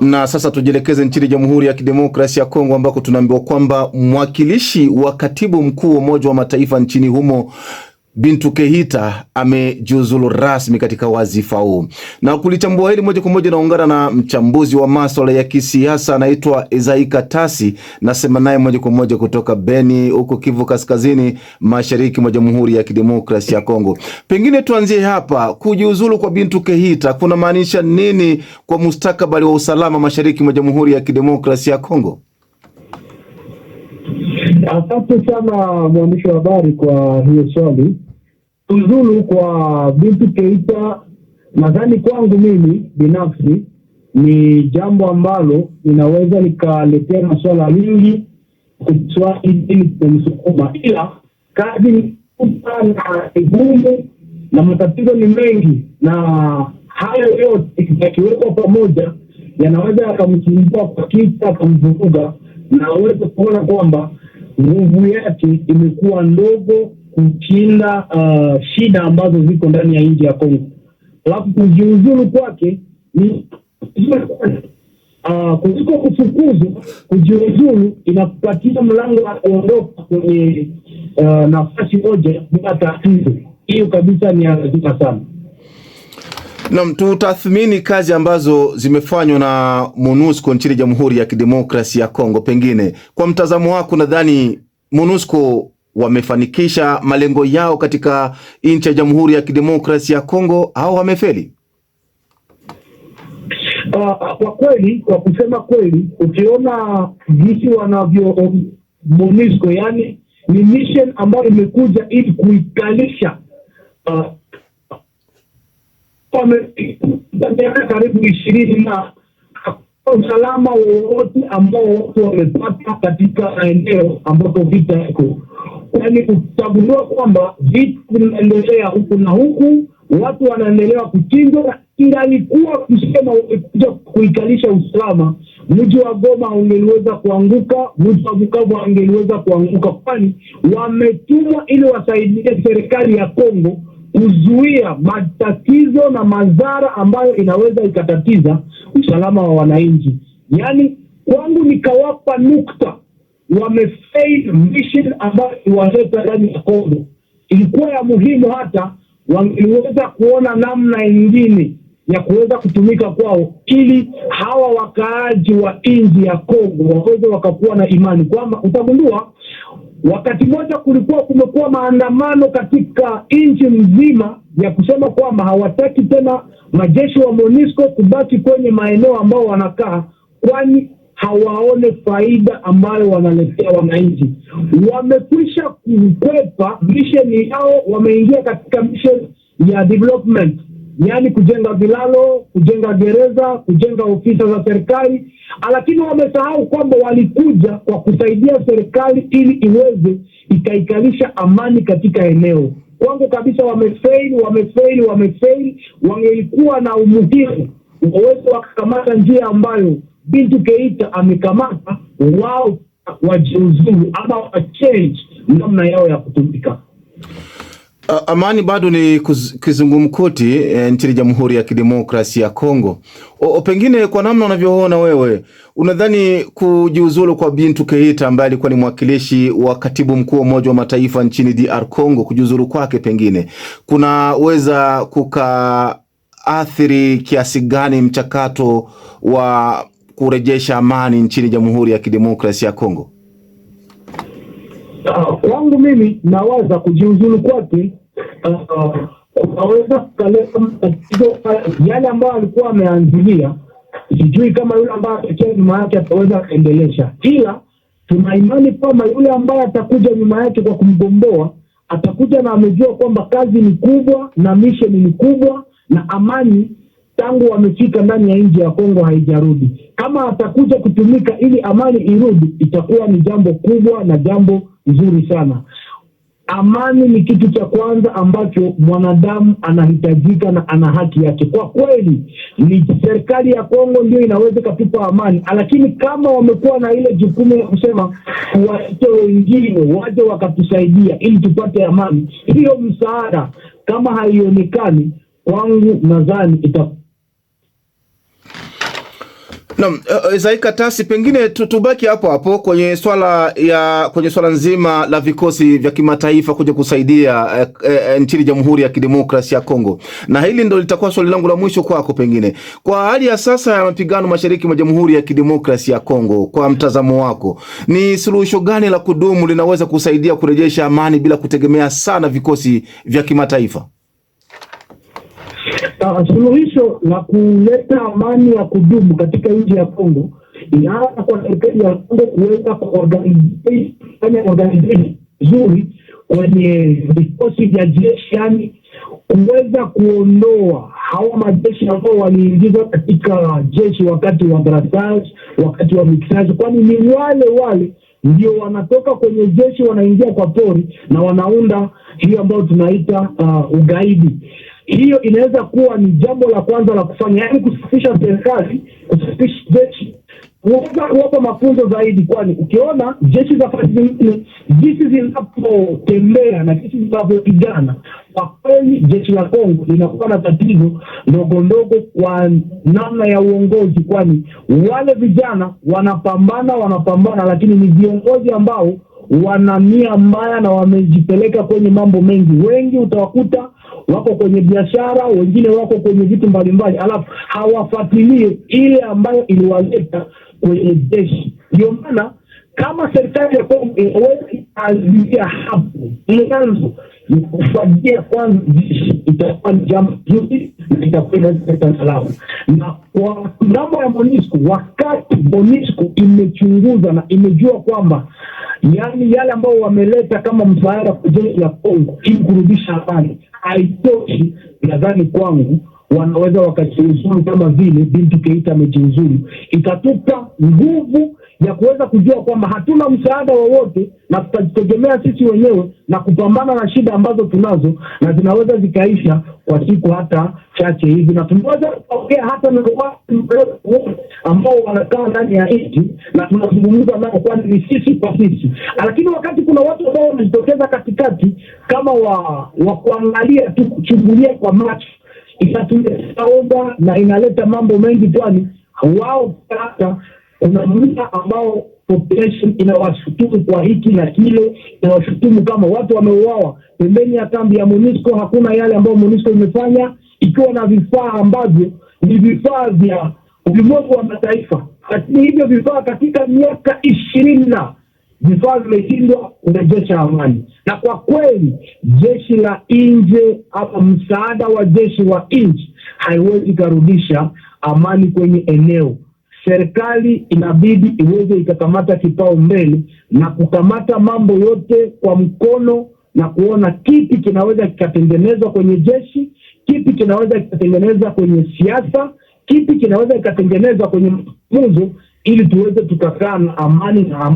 Na sasa tujielekeze nchini Jamhuri ya Kidemokrasia ya Kongo ambako tunaambiwa kwamba mwakilishi wa katibu mkuu wa Umoja wa Mataifa nchini humo Bintu Keita amejiuzulu rasmi katika wazifa huu. Na kulichambua hili moja kwa moja, naungana na mchambuzi wa masuala ya kisiasa anaitwa Isaiah Katasi, nasema naye moja kwa moja kutoka Beni huko Kivu Kaskazini, mashariki mwa Jamhuri ya Kidemokrasia ya Kongo. Pengine tuanzie hapa, kujiuzulu kwa Bintu Keita kuna maanisha nini kwa mustakabali wa usalama mashariki mwa Jamhuri ya Kidemokrasia ya Kongo? Asante sana mwandishi wa habari kwa hiyo swali kuzulu kwa Bintu Keita, nadhani kwangu mimi binafsi ni jambo ambalo linaweza likaletea masuala mingi kumsukuma, ila kazi ni na igumu na matatizo ni mengi, na hayo yote yakiwekwa pamoja yanaweza yakamsumbua kwa kicha akamvuruga na aweze kuona kwamba nguvu yake imekuwa ndogo kushinda uh, shida ambazo ziko ndani ya nchi ya Kongo, alafu kujiuzulu kwake ni uh, kuliko kufukuzwa, kujiuzulu inakupatia mlango wa kuondoka kwenye uh, nafasi moja bila tatizo. Hiyo kabisa ni lazima sana. Naam, tutathmini kazi ambazo zimefanywa na MONUSCO nchini Jamhuri ya Kidemokrasia ya Kongo. Pengine kwa mtazamo wako, nadhani MONUSCO wamefanikisha malengo yao katika nchi ya Jamhuri ya Kidemokrasia ya Kongo au wamefeli? Uh, kwa kweli, kwa kusema kweli, ukiona jinsi wanavyo um, MONUSCO, yani ni mission ambayo imekuja ili kuikalisha uh, karibu ishirini na usalama wowote ambao watu wamepata katika maeneo ambapo vita yako, kwani kutagundua kwamba vita vinaendelea huku na huku, watu wanaendelea kuchinjwa. Ingalikuwa kusema wamekuja kuikalisha usalama, mji wa Goma ungeliweza kuanguka, mji wa Bukavu angeliweza kuanguka, kwani wametumwa ili wasaidie serikali ya Kongo kuzuia matatizo na madhara ambayo inaweza ikatatiza usalama wa wananchi. Yaani kwangu nikawapa nukta, wamefail mission ambayo iwaleta ndani ya Kongo. Ilikuwa ya muhimu, hata wangeweza kuona namna ingine ya kuweza kutumika kwao, ili hawa wakaaji wa nchi ya Kongo waweze wakakuwa na imani kwamba utagundua Wakati mmoja kulikuwa kumekuwa maandamano katika nchi nzima ya kusema kwamba hawataki tena majeshi wa MONUSCO kubaki kwenye maeneo ambao wanakaa, kwani hawaone faida ambayo wanaletea wananchi. Wamekwisha kukwepa misheni yao, wameingia katika misheni ya development yaani kujenga vilalo, kujenga gereza, kujenga ofisa za serikali, lakini wamesahau kwamba walikuja kwa kusaidia serikali ili iweze ikaikalisha amani katika eneo. Kwangu kabisa wamefail, wamefail, wamefail. Wangelikuwa na umuhimu waweze wakakamata njia ambayo Bintu Keita amekamata, wao wajiuzuru ama wachange namna yao ya kutumika. Uh, amani bado ni kizungumkuti e, nchini Jamhuri ya Kidemokrasia ya Kongo. O, pengine kwa namna unavyoona wewe, unadhani kujiuzulu kwa Bintu Keita ambaye alikuwa ni mwakilishi wa katibu mkuu wa Umoja wa Mataifa nchini DR Congo, kujiuzulu kwake pengine kunaweza kukaathiri kiasi gani mchakato wa kurejesha amani nchini Jamhuri ya Kidemokrasia ya Kongo? Uh, kwangu mimi nawaza kujiuzulu kwake uh, kunaweza kukaleta matatizo uh, yale ambayo alikuwa ameanzilia. Sijui kama yule ambaye atekea nyuma yake ataweza akaendelesha, ila tunaimani kwamba yule ambaye atakuja nyuma yake kwa kumgomboa atakuja na amejua kwamba kazi ni kubwa na misheni ni kubwa na amani tangu wamefika ndani ya nji ya Kongo haijarudi. Kama atakuja kutumika ili amani irudi, itakuwa ni jambo kubwa na jambo nzuri sana. Amani ni kitu cha kwanza ambacho mwanadamu anahitajika na ana haki yake. Kwa kweli, ni serikali ya Kongo ndio inaweza ikatupa amani, lakini kama wamekuwa na ile jukumu ya kusema waite wengine waje wakatusaidia ili tupate amani, hiyo msaada kama haionekani kwangu, nadhani ita Naam, eh, eh, Zaikatasi, pengine tubaki hapo hapo kwenye swala ya kwenye swala nzima la vikosi vya kimataifa kuja kusaidia e, e, nchini Jamhuri ya Kidemokrasia ya Kongo, na hili ndo litakuwa swali langu la mwisho kwako. Pengine kwa hali ya sasa ya mapigano mashariki mwa Jamhuri ya Kidemokrasia ya Kongo, kwa mtazamo wako, ni suluhisho gani la kudumu linaweza kusaidia kurejesha amani bila kutegemea sana vikosi vya kimataifa? uh, suluhisho la kuleta amani ya kudumu katika nchi ya Kongo inaanza kwa serikali ya Kongo kuweza kufanya organization nzuri kwenye vikosi vya jeshi, yani kuweza kuondoa hawa majeshi ambao waliingizwa katika jeshi wakati wa brassage, wakati wa mixage, kwani ni wale wale ndio wanatoka kwenye jeshi wanaingia kwa pori na wanaunda hiyo ambayo tunaita uh, ugaidi. Hiyo inaweza kuwa ni jambo la kwanza la kufanya, yaani kusafisha serikali, kusafisha jeshi, kuweza kuwapa mafunzo zaidi, kwani ukiona jeshi za jinsi zinapotembea na jinsi zinavyopigana kwa kweli, jeshi la Kongo linakuwa na tatizo ndogo ndogo kwa namna ya uongozi, kwani wale vijana wanapambana, wanapambana, lakini ni viongozi ambao wana nia mbaya na wamejipeleka kwenye mambo mengi. Wengi utawakuta wako kwenye biashara, wengine wako kwenye vitu mbalimbali, alafu hawafuatilii ile ambayo iliwaleta kwenye jeshi. Ndio maana kama serikali ya Kongo inaweza ikaazilia hapo mwanzo ni kufuatilia kwanza jeshi, itakuwa ni jambo zuri na itakuwa inaleta salama. Na kwa ngambo ya MONUSCO, wakati MONUSCO imechunguza na imejua kwamba yaani yale ambayo wameleta kama msaada kwa jeshi la Kongo ili kurudisha amani haitoshi, nadhani kwangu wanaweza wakajiuzuru kama vile Bintu Keita amejiuzuru, itatupa nguvu ya kuweza kujua kwamba hatuna msaada wowote na tutajitegemea sisi wenyewe na kupambana na shida ambazo tunazo na zinaweza zikaisha kwa siku hata chache hivi, na tumeweza kuongea hata na watu ambao wanakaa ndani ya nchi na tunazungumza nao, kwani ni sisi kwa sisi. Lakini wakati kuna watu ambao wamejitokeza katikati kama wa, wa kuangalia tu, kuchungulia kwa macho, inatuletea oga na inaleta mambo mengi, kwani wao hata kuna muda ambao population inawashutumu kwa hiki na kile, inawashutumu kama watu wameuawa pembeni ya kambi ya MONUSCO. Hakuna yale ambayo MONUSCO imefanya ikiwa na vifaa ambavyo ni vifaa vya ulimwengu wa mataifa. Hivyo vifaa katika miaka ishirini na vifaa vimeshindwa kurejesha amani, na kwa kweli jeshi la nje ama msaada wa jeshi wa nje haiwezi ikarudisha amani kwenye eneo serikali inabidi iweze ikakamata kipaumbele na kukamata mambo yote kwa mkono na kuona kipi kinaweza kikatengenezwa kwenye jeshi, kipi kinaweza kikatengenezwa kwenye siasa, kipi kinaweza kikatengenezwa kwenye mafunzo, ili tuweze tukakaa na amani na amani.